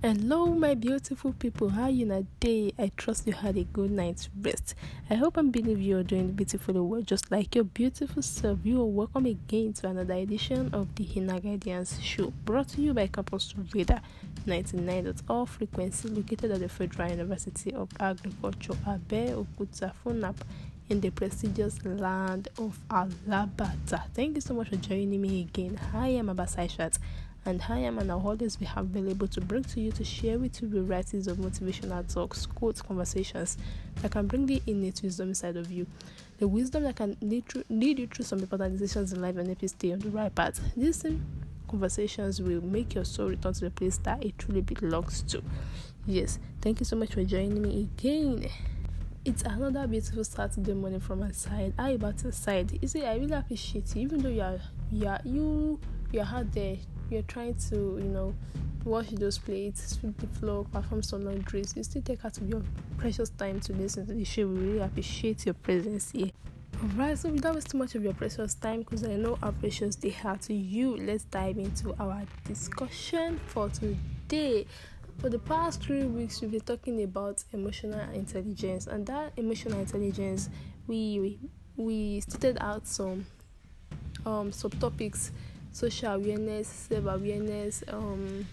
Hello, my beautiful people. How you a day? I trust you had a good night's rest. I hope and believe you are doing beautifully well, just like your beautiful self. You are welcome again to another edition of the Hina Guidance Show, brought to you by Campus Radar all oh frequency, located at the Federal University of Agriculture, Abeokuta, Funab, in the prestigious land of Alabata. Thank you so much for joining me again. Hi, I am Abasaishat and I am and I'll always be available to bring to you to share with you varieties of motivational talks, quotes, conversations that can bring the innate wisdom inside of you. The wisdom that can lead, through, lead you through some important decisions in life and help you stay on the right path. These conversations will make your soul return to the place that it truly belongs to. Yes, thank you so much for joining me again. It's another beautiful Saturday morning from my side. How about your side? You see, I really appreciate it, even though you are, you are, you, you are out there you're trying to, you know, wash those plates, sweep the floor, perform some laundries, you still take out your precious time to listen to the show. We really appreciate your presence here. Alright, so without wasting much of your precious time, because I know how precious they are to you, let's dive into our discussion for today. For the past three weeks, we've been talking about emotional intelligence, and that emotional intelligence, we we, we stated out some um subtopics social awareness, self awareness, um,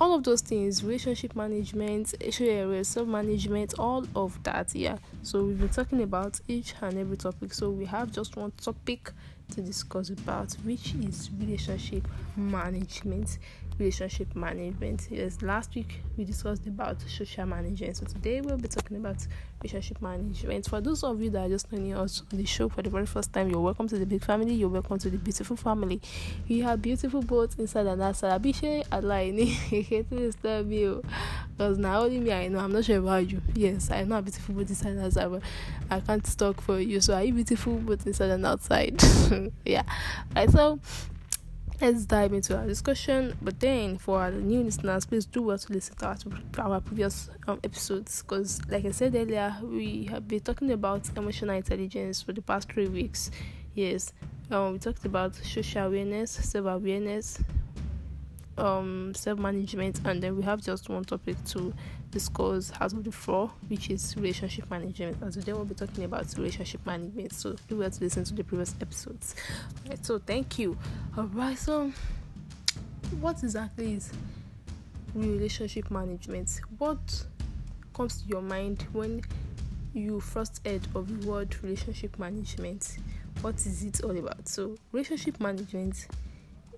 all of those things, relationship management, HRS, self management, all of that. Yeah. So we've been talking about each and every topic. So we have just one topic to discuss about, which is relationship management relationship management. Yes, last week we discussed about social management. So today we'll be talking about relationship management. For those of you that are just joining us on the show for the very first time, you're welcome to the big family. You're welcome to the beautiful family. You have beautiful both inside and outside. Abishe Adlaini, to disturb you. Because now only me I know. I'm not sure about you. Yes, I know beautiful both inside and outside, but I can't talk for you. So are you beautiful both inside and outside? yeah. All right, so let's dive into our discussion. But then, for our new listeners, please do well to listen to our, to our previous um, episodes because, like I said earlier, we have been talking about emotional intelligence for the past three weeks. Yes, um, we talked about social awareness, self awareness, um, self-management and then we have just one topic to discuss Has of the four which is relationship management and today we'll be talking about relationship management so do well to listen to the previous episodes all right so thank you all right so what exactly is relationship management what comes to your mind when you first heard of the word relationship management what is it all about so relationship management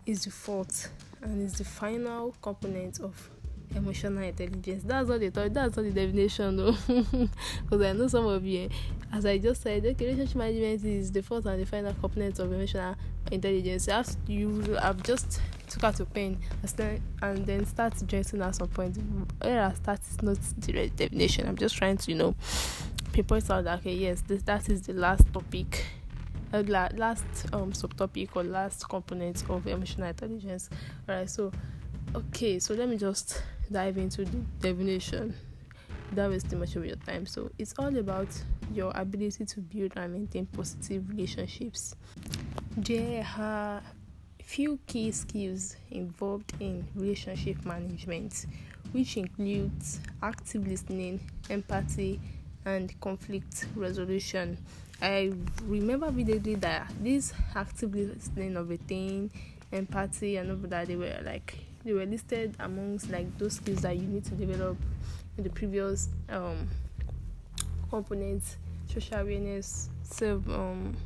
is the fourth and it's the final component of emotional intelligence. That's not the thought, that's not the definition though. Because I know some of you, eh, as I just said, okay, relationship management is the fourth and the final component of emotional intelligence. As you have just took out your pen and, then and then start dressing at some point. Where I start is not the definition. I'm just trying to, you know, pinpoint out that, okay, yes, this, that is the last topic uh, last um, subtopic or last component of emotional intelligence. All right, so okay, so let me just dive into the definition. That was too much of your time. So it's all about your ability to build and maintain positive relationships. There are few key skills involved in relationship management, which includes active listening, empathy, and conflict resolution. I remember vividly that this active listening of a thing, empathy, and all that they were like they were listed amongst like those skills that you need to develop in the previous um, components: social awareness, self um,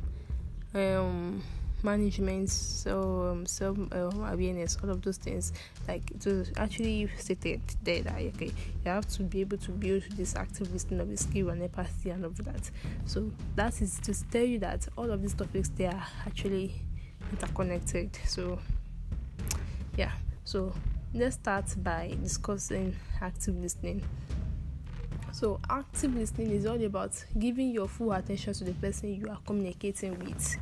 um management, so um, self um, awareness, all of those things. Like it was actually stated there that okay, you have to be able to build this active listening of skill and empathy and all of that. So that is to tell you that all of these topics they are actually interconnected. So yeah, so let's start by discussing active listening. So, active listening is all about giving your full attention to the person you are communicating with.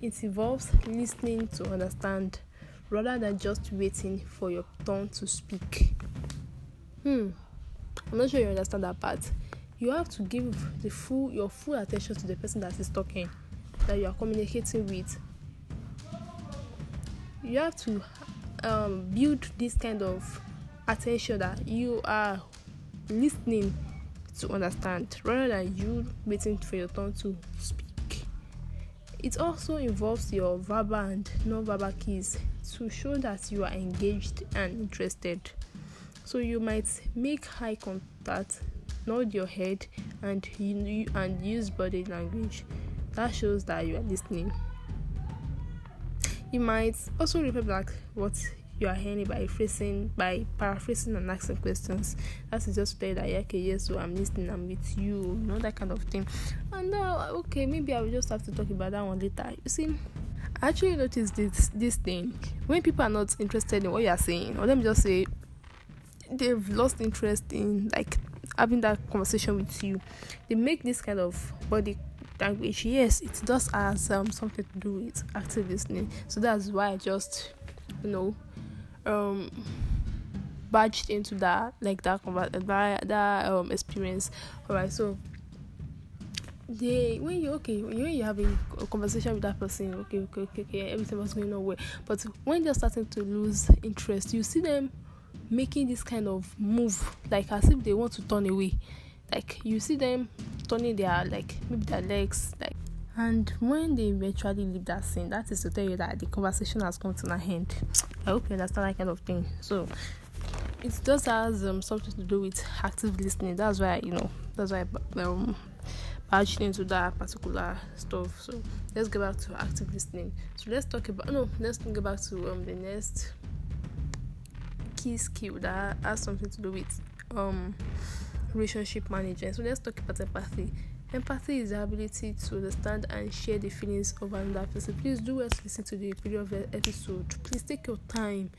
It involves listening to understand rather than just waiting for your turn to speak. Hmm, I'm not sure you understand that part. You have to give the full your full attention to the person that is talking, that you are communicating with. You have to um, build this kind of attention that you are listening to understand rather than you waiting for your turn to speak. It also involves your verbal and non verbal keys to show that you are engaged and interested. So you might make eye contact, nod your head, and, and use body language. That shows that you are listening. You might also repeat back what you are hearing by phrasing by paraphrasing and asking questions that is just to tell that yeah, okay yes so oh, i'm listening i'm with you you know that kind of thing and uh, okay maybe i will just have to talk about that one later you see I actually noticed this this thing when people are not interested in what you are saying or let me just say they've lost interest in like having that conversation with you they make this kind of body language yes it does has um, something to do with active listening so that's why i just you know um badged into that like that conver- that, that um experience all right so they when you okay when you're having a conversation with that person okay okay okay, okay everything was going on but when they're starting to lose interest you see them making this kind of move like as if they want to turn away like you see them turning their like maybe their legs like and when they eventually leave that scene, that is to tell you that the conversation has come to an end. I hope you understand that kind of thing. So it just has um, something to do with active listening. That's why you know. That's why um, patching into that particular stuff. So let's get back to active listening. So let's talk about no. Let's go back to um the next key skill that has something to do with um relationship management. So let's talk about empathy. Empathy is the ability to understand and share the feelings of another person. Please do well to listen to the previous episode. Please take your time.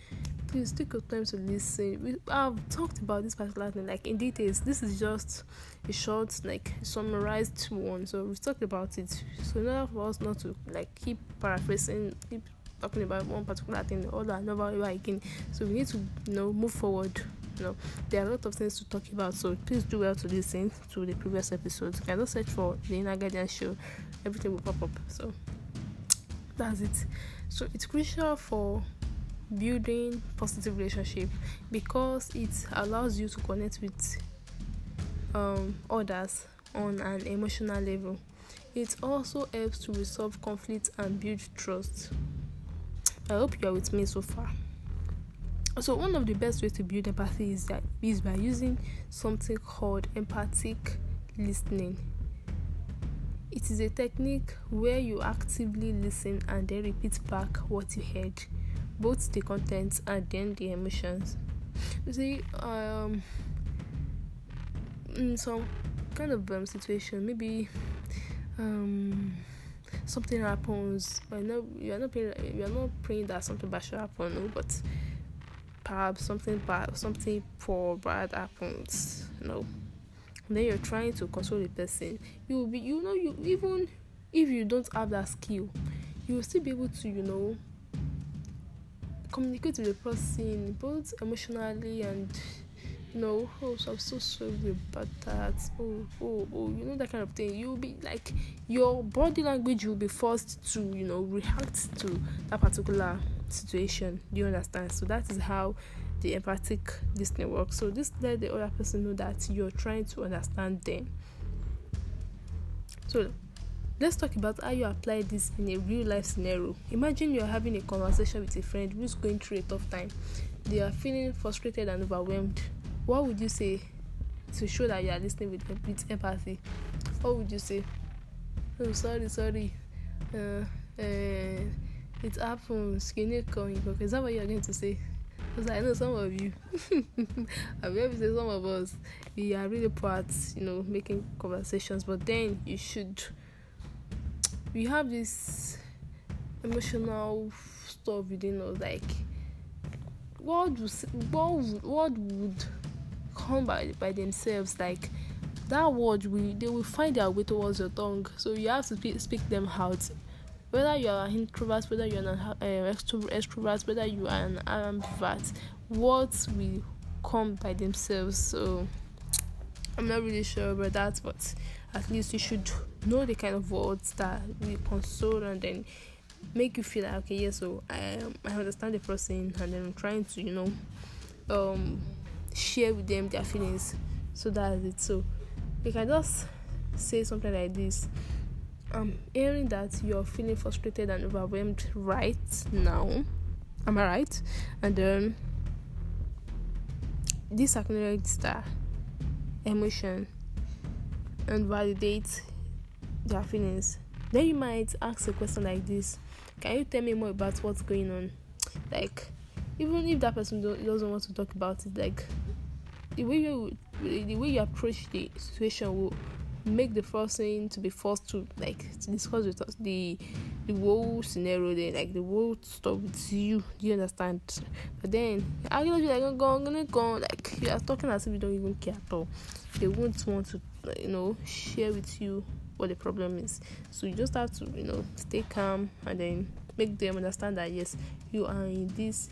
Please take your time to listen. We have talked about this particular thing like in details. This is just a short, like summarized one. So we've talked about it. So in order for us not to like keep paraphrasing, keep talking about one particular thing or another again. So we need to you know move forward there are a lot of things to talk about so please do well to listen to the previous episodes you can just search for the inner Guardian show everything will pop up so that's it so it's crucial for building positive relationship because it allows you to connect with um, others on an emotional level it also helps to resolve conflicts and build trust i hope you are with me so far so one of the best ways to build empathy is that is by using something called empathic listening it is a technique where you actively listen and then repeat back what you heard both the contents and then the emotions you see um in some kind of um, situation maybe um something happens you're not you're not praying you're not praying that something bad should happen no but perhaps something bad, something poor, bad happens. You know, then you're trying to console the person. You will be, you know, you even if you don't have that skill, you will still be able to, you know, communicate with the person both emotionally and you know, oh, I'm so sorry about that. Oh, oh, oh, you know, that kind of thing. You'll be like, your body language will be forced to, you know, react to that particular situation. Do you understand? So that is how the empathic listening works. So this let the other person know that you're trying to understand them. So let's talk about how you apply this in a real life scenario. Imagine you're having a conversation with a friend who's going through a tough time. They are feeling frustrated and overwhelmed. What would you say to show that you are listening with, with empathy? What would you say? Oh, sorry, sorry. Uh, uh, it happens. Skinny coming because Is that what you're going to say? Because I know some of you. I've ever said some of us we are really poor at you know making conversations, but then you should. We have this emotional stuff within us, like what would what would, what would come by by themselves, like that word will they will find their way towards your tongue so you have to speak, speak them out whether you are an introvert, whether you are an uh, extrovert, whether you are an ambivert, words will come by themselves. So I'm not really sure about that, but at least you should know the kind of words that will console and then make you feel like okay, yeah, so I um, I understand the person and then I'm trying to you know um share with them their feelings. So that's it. So you can just say something like this I'm um, hearing that you're feeling frustrated and overwhelmed right now. Am I right? And um, this acknowledges the emotion and validate their feelings. Then you might ask a question like this: Can you tell me more about what's going on? Like, even if that person doesn't want to talk about it, like the way you the way you approach the situation will make the person to be forced to like to discuss with us the the whole scenario Then, like the whole stuff with you. Do you understand? But then gonna be like go gonna go like you are talking as if you don't even care at all. They won't want to you know share with you what the problem is. So you just have to, you know, stay calm and then make them understand that yes, you are in this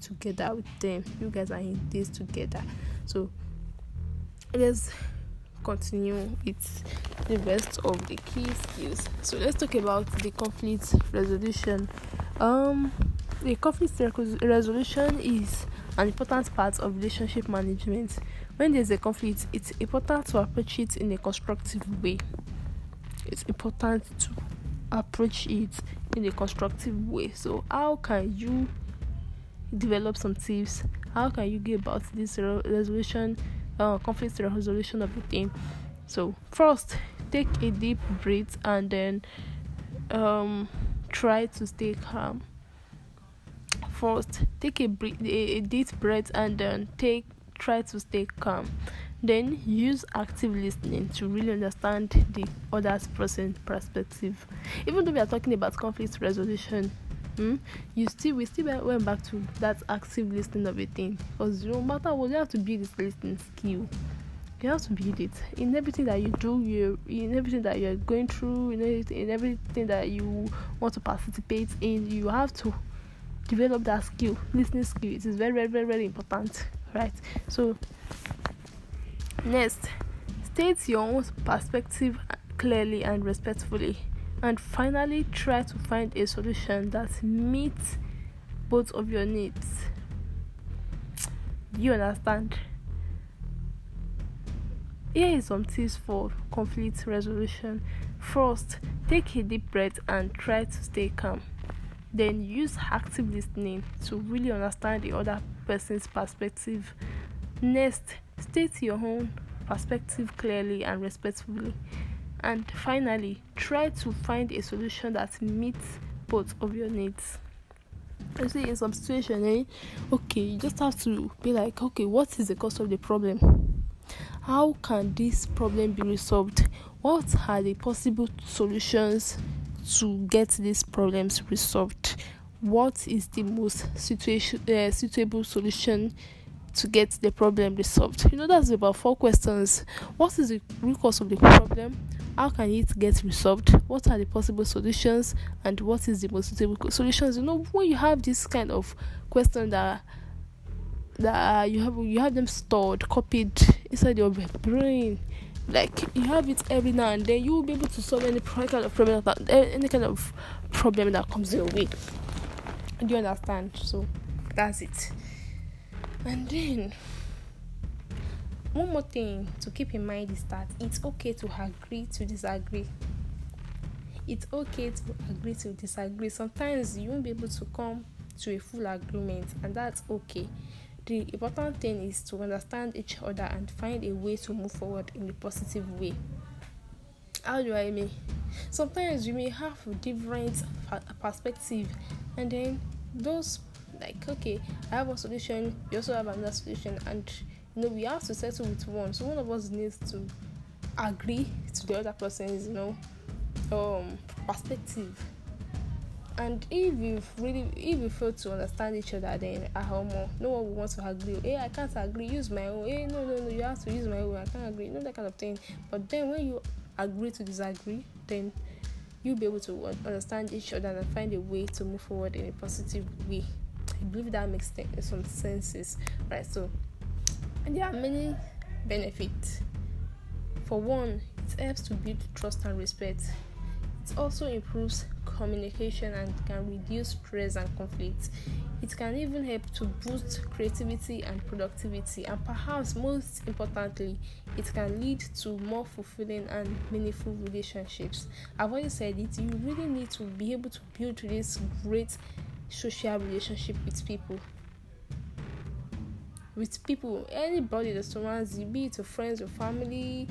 together with them. You guys are in this together. So there's continue with the rest of the key skills. So let's talk about the conflict resolution. Um, the conflict resolution is an important part of relationship management. When there's a conflict, it's important to approach it in a constructive way. It's important to approach it in a constructive way. So, how can you develop some tips? How can you get about this resolution? uh, conflict resolution of the team. So first, take a deep breath and then um, try to stay calm. First, take a, a, a deep breath and then take try to stay calm. Then use active listening to really understand the other person's perspective. Even though we are talking about conflict resolution, hmm, you still we still went back to that active listening of a thing because no matter what you have to build this listening skill you have to build it in everything that you do you in everything that you're going through in everything, in everything that you want to participate in you have to develop that skill listening skill it is very very very, very important right so next state your own perspective clearly and respectfully and finally try to find a solution that meets both of your needs. Do you understand? Here is some tips for conflict resolution. First, take a deep breath and try to stay calm. Then use active listening to really understand the other person's perspective. Next, state your own perspective clearly and respectfully. And finally, try to find a solution that meets both of your needs. You see, in some situation, eh, okay, you just have to be like, okay, what is the cause of the problem? How can this problem be resolved? What are the possible solutions to get these problems resolved? What is the most situation uh, eh, suitable solution to get the problem resolved. You know, that's about four questions. What is the root cause of the problem? How can it get resolved? What are the possible solutions? And what is the most suitable solutions? You know, when you have this kind of question that that you have you have them stored, copied inside your brain. Like you have it every now and then, you will be able to solve any kind of problem that eh, any kind of problem that comes your way. Do you understand? So that's it. And then, one more thing to keep in mind is that it's okay to agree to disagree. It's okay to agree to disagree. Sometimes you won't be able to come to a full agreement, and that's okay. The important thing is to understand each other and find a way to move forward in a positive way. How do I mean? Sometimes you may have different perspective, and then those like okay i have a solution you also have another solution and you know we have to settle with one so one of us needs to agree to the other person's you know um perspective and if you really if you fail to understand each other then ahomo no one will want to agree hey eh, i can't agree use my own hey eh, no no no you have to use my own i can't agree you know that kind of thing but then when you agree to disagree then you'll be able to understand each other and find a way to move forward in a positive way I believe that makes some senses, right? So there are many benefits. For one, it helps to build trust and respect. It also improves communication and can reduce stress and conflict. It can even help to boost creativity and productivity, and perhaps most importantly, it can lead to more fulfilling and meaningful relationships. I've already said it, you really need to be able to build this great social relationship with people. With people, anybody that surrounds you, be it your friends, your family,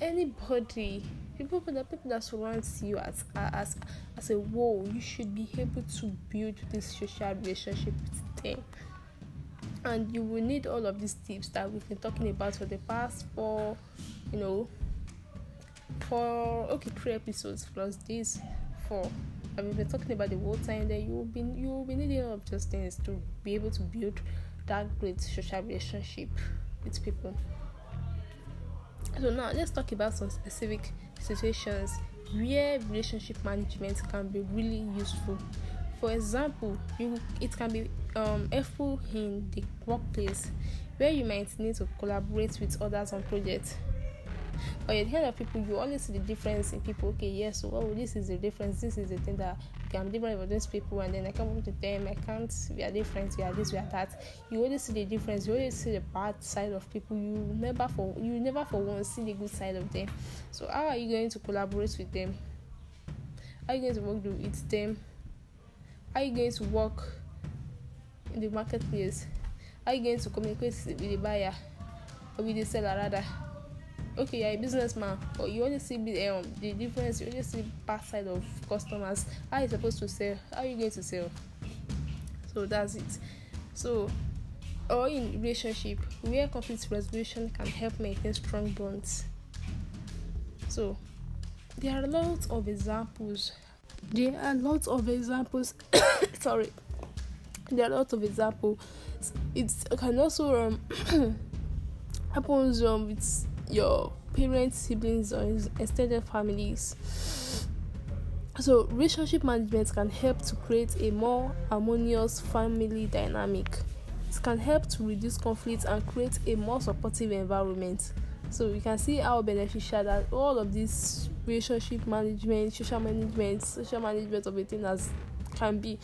anybody, people the people that surrounds you as as as a whole, you should be able to build this social relationship with them. And you will need all of these tips that we've been talking about for the past four, you know, for okay, three episodes plus this four. I've been talking about the whole time that you will be you will be needing all of those things to be able to build that great social relationship with people. So now let's talk about some specific situations where relationship management can be really useful. For example, you, it can be um, helpful in the workplace where you might need to collaborate with others on projects but you hear of people, you always see the difference in people. Okay, yes, oh, well oh, this is the difference. This is the thing that okay, I'm different from these people, and then I come up to them. I can't. We are different. We are this. We are that. You always see the difference. You always see the bad side of people. You never for you never for once see the good side of them. So how are you going to collaborate with them? How are you going to work with them? How are you going to work in the marketplace? How are you going to communicate with the buyer or with the seller rather? okay you're a businessman but you only see um, the difference you only see back side of customers how you supposed to sell how are you going to sell so that's it so or in relationship where conflict resolution can help maintain strong bonds so there are lots of examples there are lots of examples sorry there are lots of examples it can also um happens um it's your parents, siblings, or extended families. So, relationship management can help to create a more harmonious family dynamic. It can help to reduce conflict and create a more supportive environment. So, you can see how beneficial that all of this relationship management, social management, social management of a thing can be.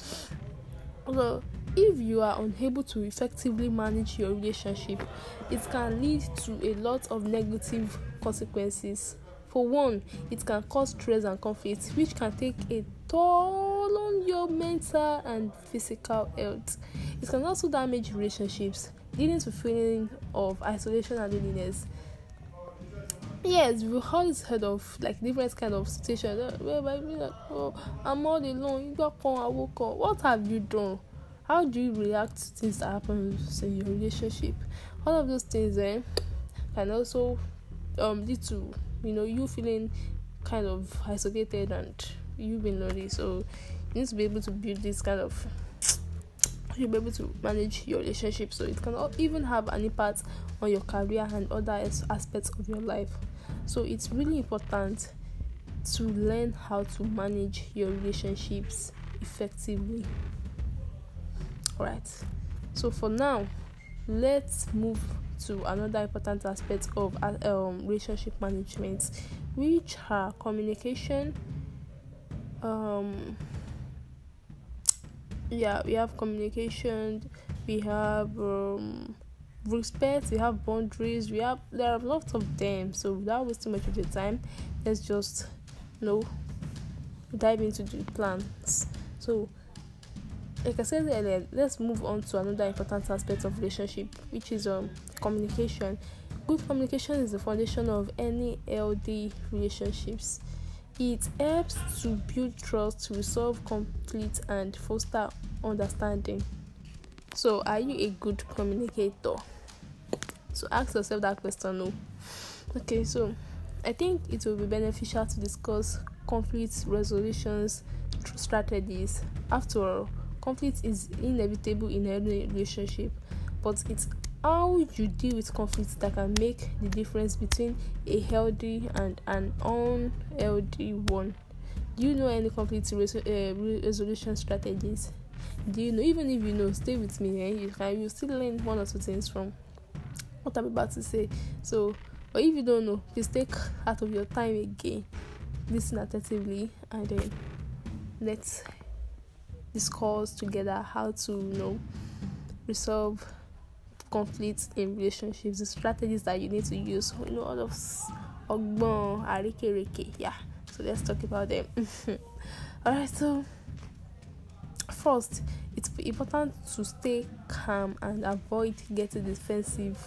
So, if you are unable to effectively manage your relationship, it can lead to a lot of negative consequences. For one, it can cause stress and conflict, which can take a toll on your mental and physical health. It can also damage relationships, leading to feeling of isolation and loneliness. Yes, we've always heard of like different kind of situations where, we like, oh, I'm all alone. You got I woke up. What have you done? How do you react to things that happen in your relationship? All of those things eh, can also um, lead to you know you feeling kind of isolated and you being lonely. So you need to be able to build this kind of you be able to manage your relationship so it can even have an impact on your career and other aspects of your life so it's really important to learn how to manage your relationships effectively Alright, so for now, let's move to another important aspect of um, relationship management, which are communication. Um, yeah, we have communication, we have um, respect, we have boundaries, we have there are lots of them. So without wasting much of your time, let's just you know dive into the plans. So like I said earlier, let's move on to another important aspect of relationship, which is um, communication. Good communication is the foundation of any LD relationships. It helps to build trust, resolve conflict, and foster understanding. So, are you a good communicator? So, ask yourself that question. No. Oh. Okay, so I think it will be beneficial to discuss conflict resolutions strategies. After all, Conflict is inevitable in every relationship, but it's how you deal with conflict that can make the difference between a healthy and an unhealthy one. Do you know any conflict uh, resolution strategies? Do you know? Even if you know, stay with me. Eh? You can you still learn one or two things from what I'm about to say. So, but if you don't know, please take out of your time again, listen attentively, and then let's discuss together how to you know resolve conflicts in relationships the strategies that you need to use you know all of ogbon arikereke yeah so let's talk about them all right so first it's important to stay calm and avoid getting defensive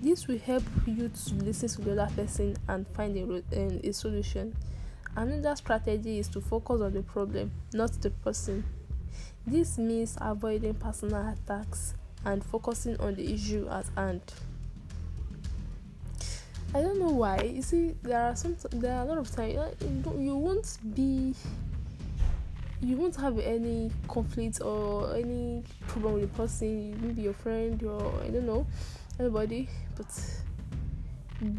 this will help you to listen to the other person and find a, um, a solution Another strategy is to focus on the problem, not the person. This means avoiding personal attacks and focusing on the issue at hand. I don't know why. You see, there are some there are a lot of times you won't be you won't have any conflict or any problem with the person, maybe your friend or I don't know, anybody, but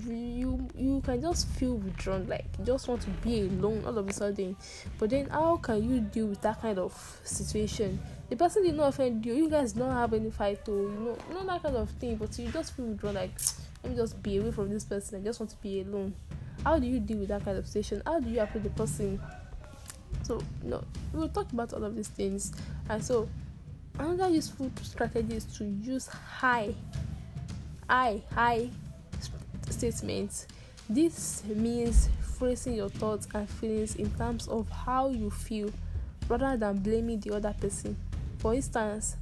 you you can just feel withdrawn like you just want to be alone all of a sudden but then how can you deal with that kind of situation the person did not offend you you guys don't have any fight or you know not that kind of thing but you just feel withdrawn like let me just be away from this person i just want to be alone how do you deal with that kind of situation how do you approach the person so you know we'll talk about all of these things and so another useful strategy is to use high high high statements. This means phrasing your thoughts and feelings in terms of how you feel rather than blaming the other person. For instance,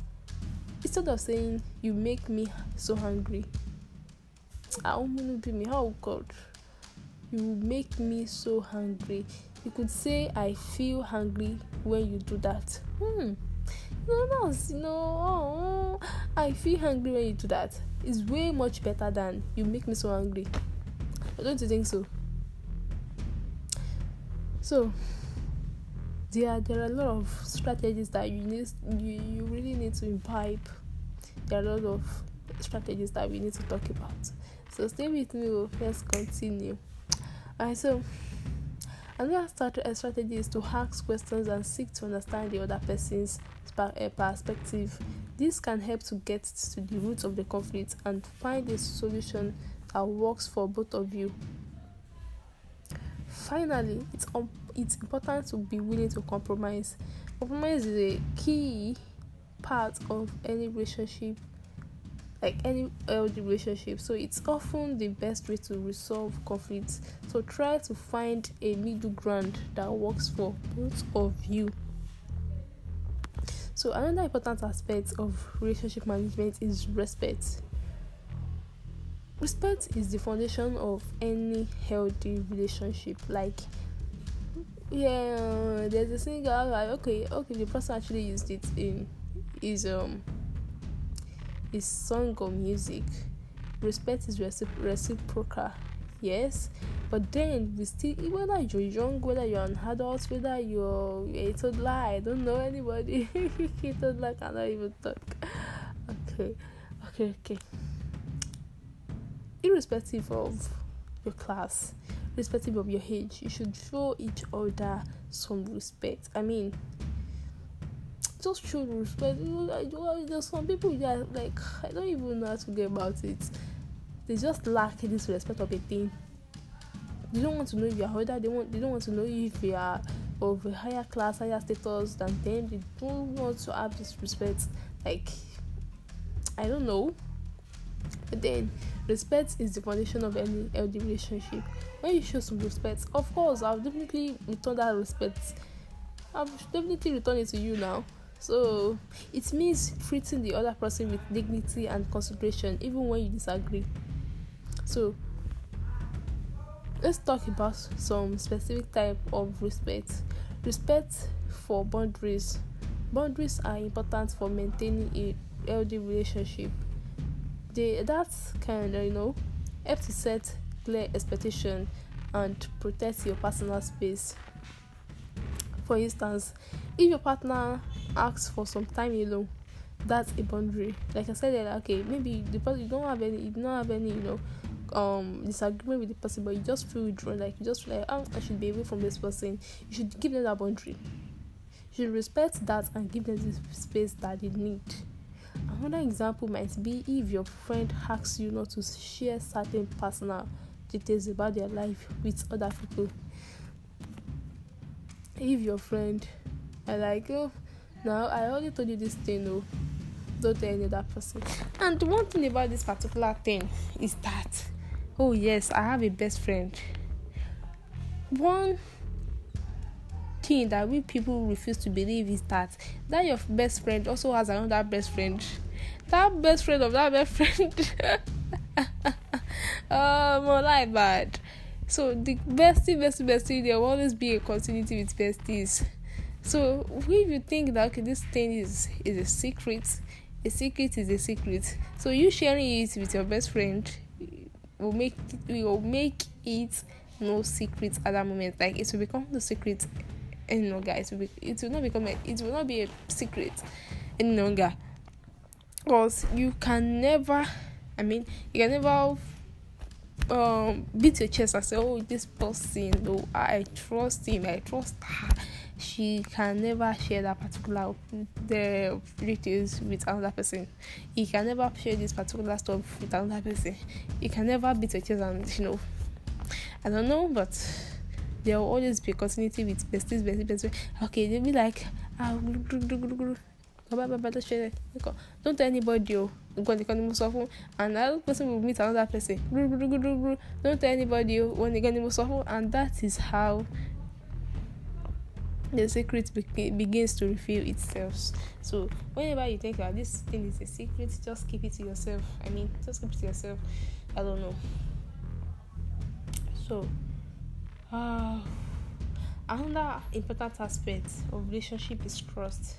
instead of saying, You make me so hungry, I won't be me, oh God, you make me so hungry. You could say, I feel hungry when you do that. Hmm, no, no, no, oh, I feel hungry when you do that is way much better than you make me so angry. Don't you think so? So there there are a lot of strategies that you need you, you really need to imbibe. There are a lot of strategies that we need to talk about. So stay with me, we'll oh, first continue. Alright, so Another eh, strategy is to ask questions and seek to understand the other person's eh, perspective. This can help to get to the root of the conflict and find a solution that works for both of you. Finally, it's, um, it's important to be willing to compromise. Compromise is a key part of any relationship like any healthy relationship so it's often the best way to resolve conflicts so try to find a middle ground that works for both of you so another important aspect of relationship management is respect respect is the foundation of any healthy relationship like yeah there's a single like ah, okay okay the person actually used it in his um is song or music. Respect is recipro- reciprocal, yes, but then we still, whether you're young, whether you're an adult, whether you're a toddler, I don't know anybody. a toddler cannot even talk. Okay, okay, okay. Irrespective of your class, irrespective of your age, you should show each other some respect. I mean, just show respect. There's some people that like I don't even know how to get about it. They just lack this respect of a thing. They don't want to know if you're older. They want. They don't want to know if you are of a higher class, higher status than them. They don't want to have this respect. Like I don't know. But then, respect is the foundation of any healthy relationship. When you show some respect, of course, i will definitely return that respect. I've definitely returned it to you now. So it means treating the other person with dignity and consideration, even when you disagree. So let's talk about some specific type of respect. Respect for boundaries. Boundaries are important for maintaining a healthy relationship. They that can you know help to set clear expectation and protect your personal space. For instance, if your partner asks for some time alone, that's a boundary. Like I said, okay, maybe the person you don't have any, you don't have any, you know, um disagreement with the person, but you just feel withdrawn. Like you just feel like, oh, I should be away from this person. You should give them that boundary. You should respect that and give them the space that they need. Another example might be if your friend asks you not to share certain personal details about their life with other people if your friend I like, you oh, now I already told you this thing, though. don't tell any other person. And one thing about this particular thing is that, oh yes, I have a best friend. One thing that we people refuse to believe is that that your best friend also has another best friend. That best friend of that best friend. oh, my life, bad. So the bestie, bestie, bestie, there will always be a continuity with besties. So if you think that okay, this thing is is a secret, a secret is a secret. So you sharing it with your best friend will make will make it no secret at that moment. Like it will become no secret any longer. It will be, it will not become a, it will not be a secret any longer. Because you can never I mean you can never um beat your chest and say oh this person i trust him i trust her she can never share that particular the details with another person he can never share this particular stuff with another person he can never beat your chest and you know i don't know but there will always be continuity with besties besties besties okay they'll be like ah, nǹkan bá bàbá tó ṣẹlẹ̀ nǹkan don't tell anybody o nǹkan nìkan ni mo sọ fún and another person will meet another person don't tell anybody o wọn nìkan ni mo sọ fún and that is how the secret be begins to reveal itself so whenever you think that this thing is a secret just keep it to yourself i mean just keep it to yourself i don't know so ah. Uh, Another important aspect of relationship is trust.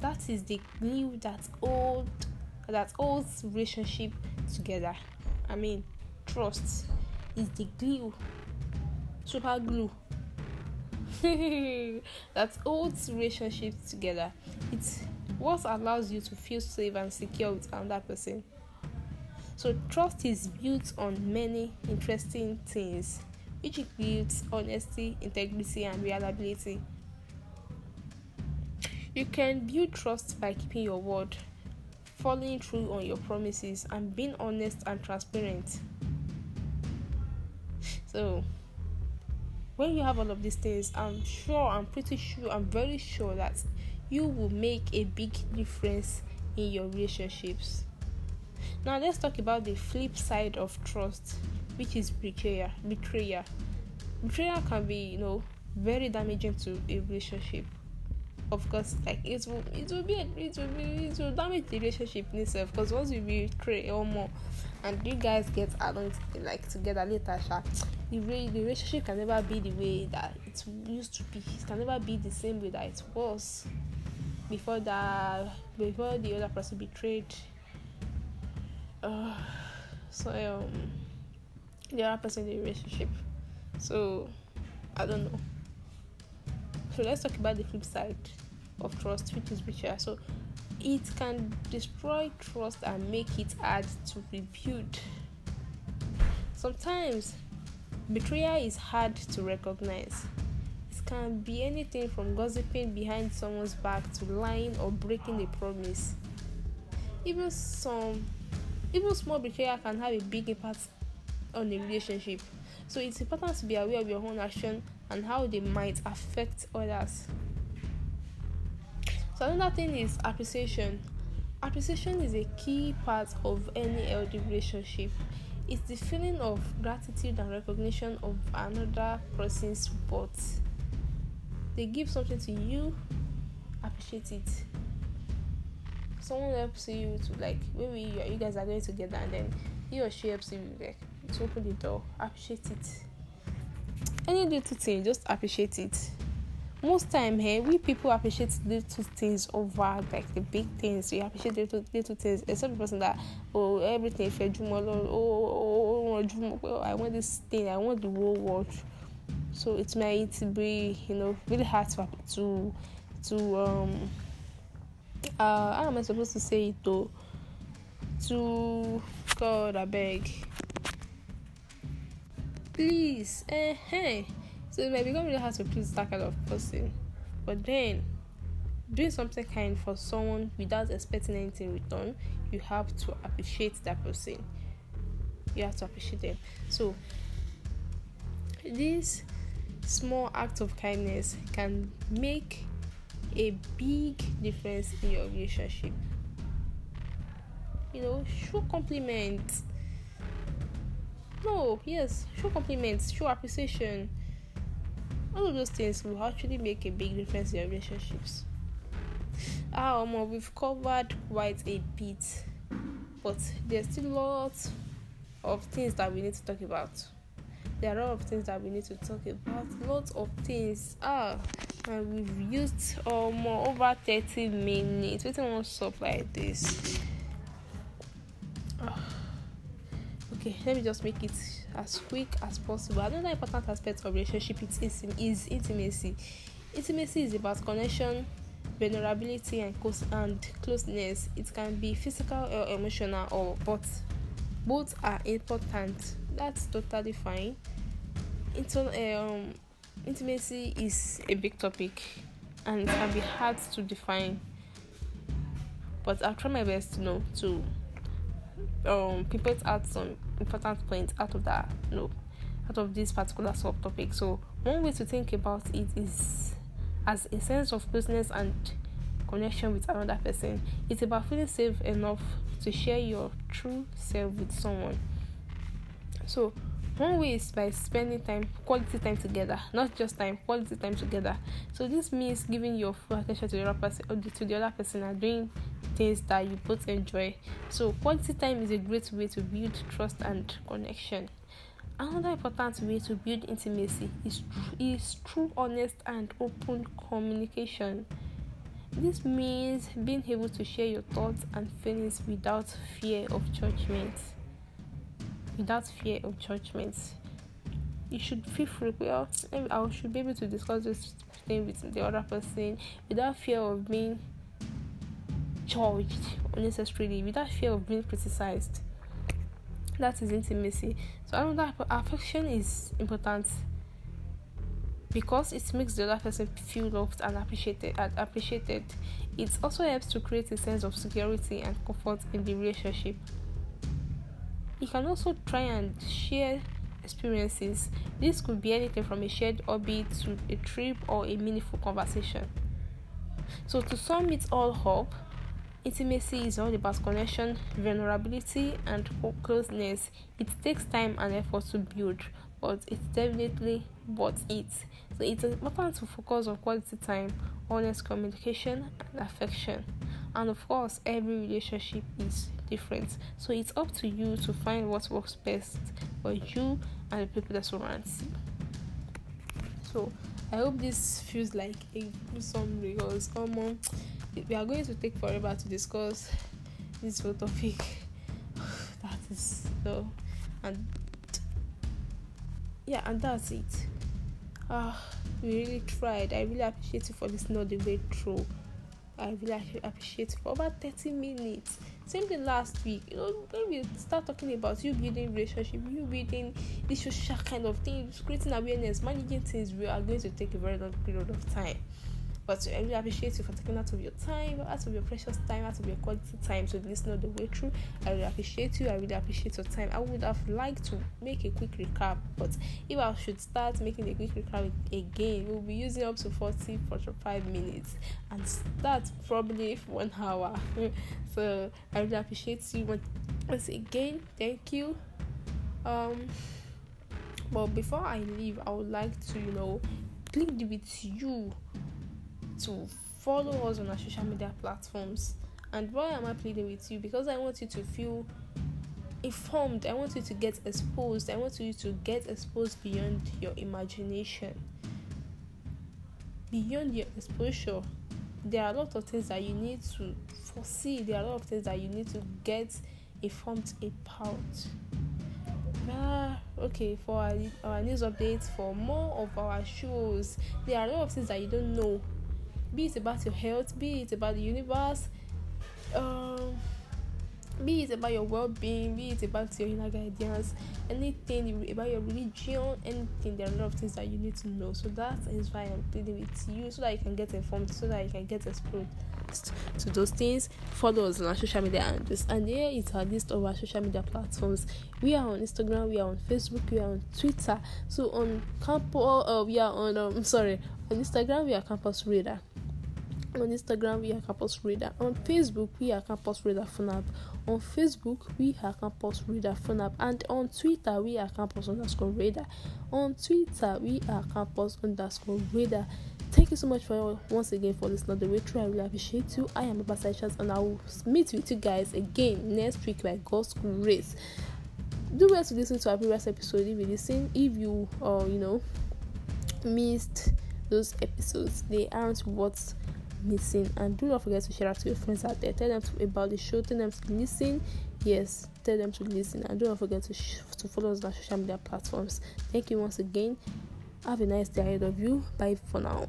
That is the glue that holds that holds relationship together. I mean, trust is the glue, super glue that holds relationships together. It's what allows you to feel safe and secure with another person. So trust is built on many interesting things which includes honesty, integrity, and reliability. You can build trust by keeping your word, following through on your promises, and being honest and transparent. So, when you have all of these things, I'm sure, I'm pretty sure, I'm very sure that you will make a big difference in your relationships. Now, let's talk about the flip side of trust which is betrayal. Betrayal. Betrayal can be, you know, very damaging to a relationship. Of course, like it will, it will be, it will be, it will damage the relationship in itself. Because once you betray or more, and you guys get along like together later, the, the relationship can never be the way that it used to be. It can never be the same way that it was before that, before the other person betrayed. Uh, so um the other person in the relationship. So I don't know. So let's talk about the flip side of trust, which is betrayal. So it can destroy trust and make it hard to rebuild. Sometimes betrayal is hard to recognize. It can be anything from gossiping behind someone's back to lying or breaking a promise. Even some even small betrayal can have a big impact on a relationship. So it's important to be aware of your own action and how they might affect others. So another thing is appreciation. Appreciation is a key part of any healthy relationship. It's the feeling of gratitude and recognition of another person's support. They give something to you, appreciate it. Someone helps you to like maybe you guys are going together and then he or she helps you like to open the door. Appreciate it. Any little thing, just appreciate it. Most time here, we people appreciate little things over like the big things. We appreciate little little things. Except the person that oh everything if you oh oh, oh, oh oh, I want this thing. I want the whole world. So it might be you know really hard to to to um uh how am I supposed to say it though? To God, I beg please eh hey eh. so it might become really hard to please that kind of person but then doing something kind for someone without expecting anything in return you have to appreciate that person you have to appreciate them so this small act of kindness can make a big difference in your relationship you know show compliments no, yes, show compliments, show appreciation. All of those things will actually make a big difference in your relationships. Ah, um, we've covered quite a bit, but there's still lots of things that we need to talk about. There are a lot of things that we need to talk about. Lots of things. Ah, and we've used um over 30 minutes. We don't want stop like this. okay let me just make it as quick as possible another important aspect of relationship is, is intimacy intimacy is about connection vulnerability and, close, and closeness it can be physical or emotional or both both are important that's totally fine Inter- um, intimacy is a big topic and it can be hard to define but i'll try my best you know to um people out some important points out of that no out of this particular subtopic so one way to think about it is as a sense of closeness and connection with another person it's about feeling safe enough to share your true self with someone so one way is by spending time quality time together not just time quality time together so this means giving your full attention to the other person to the other person and doing things that you both enjoy. So, quality time is a great way to build trust and connection. Another important way to build intimacy is, is through honest and open communication. This means being able to share your thoughts and feelings without fear of judgment. Without fear of judgment, you should feel free. Well, I should be able to discuss this thing with the other person without fear of being judged unnecessarily without fear of being criticized. That is intimacy. So another affection is important because it makes the other person feel loved and appreciated and appreciated. It also helps to create a sense of security and comfort in the relationship. You can also try and share experiences. This could be anything from a shared hobby to a trip or a meaningful conversation. So to sum it all up, Intimacy is all about connection, vulnerability, and closeness. It takes time and effort to build, but it's definitely worth it. So it's important to focus on quality time, honest communication, and affection. And of course, every relationship is different, so it's up to you to find what works best for you and the people that surround you. So I hope this feels like a good summary come on, we are going to take forever to discuss this whole topic. that is so, and yeah, and that's it. Ah, we really tried. I really appreciate you for listening all the way through. I really appreciate you for about 30 minutes same thing last week you know when we start talking about you building relationship you building this social kind of thing creating awareness managing things we are going to take a very long period of time but I really appreciate you for taking out of your time, out of your precious time, out of your quality time to listen all the way through. I really appreciate you. I really appreciate your time. I would have liked to make a quick recap, but if I should start making a quick recap again, we'll be using up to 40, 45 minutes, and that's probably one hour. so I really appreciate you once again. Thank you. Um, but before I leave, I would like to, you know, plead with you to follow us on our social media platforms. And why am I pleading with you? Because I want you to feel informed. I want you to get exposed. I want you to get exposed beyond your imagination, beyond your exposure. There are a lot of things that you need to foresee, there are a lot of things that you need to get informed about. Ah, okay, for our, our news updates, for more of our shows, there are a lot of things that you don't know be it about your health, be it about the universe, um, be it about your well being, be it about your inner guidance, anything about your religion, anything. There are a lot of things that you need to know. So that is why I'm pleading with you so that you can get informed, so that you can get exposed to those things. Follow us on our social media handles. And here is our list of our social media platforms. We are on Instagram, we are on Facebook, we are on Twitter. So on campus, uh, we are on, um, sorry, on Instagram, we are Campus reader on Instagram, we are Campus Reader. On Facebook, we are Campus Reader Funab. On Facebook, we are Campus Reader Funab. And on Twitter, we are Campus underscore Reader. On Twitter, we are Campus underscore Reader. Thank you so much for once again for listening to the way through. I really appreciate you. I am Abba Chance and I will meet with you guys again next week by God's grace. Do well to listen to our previous episode if you listen. If you, uh, you know, missed those episodes, they aren't what missing and do not forget to share out to your friends out there tell them to, about the show tell them to listen yes tell them to listen and do not forget to, sh- to follow us on social media platforms thank you once again have a nice day ahead of you bye for now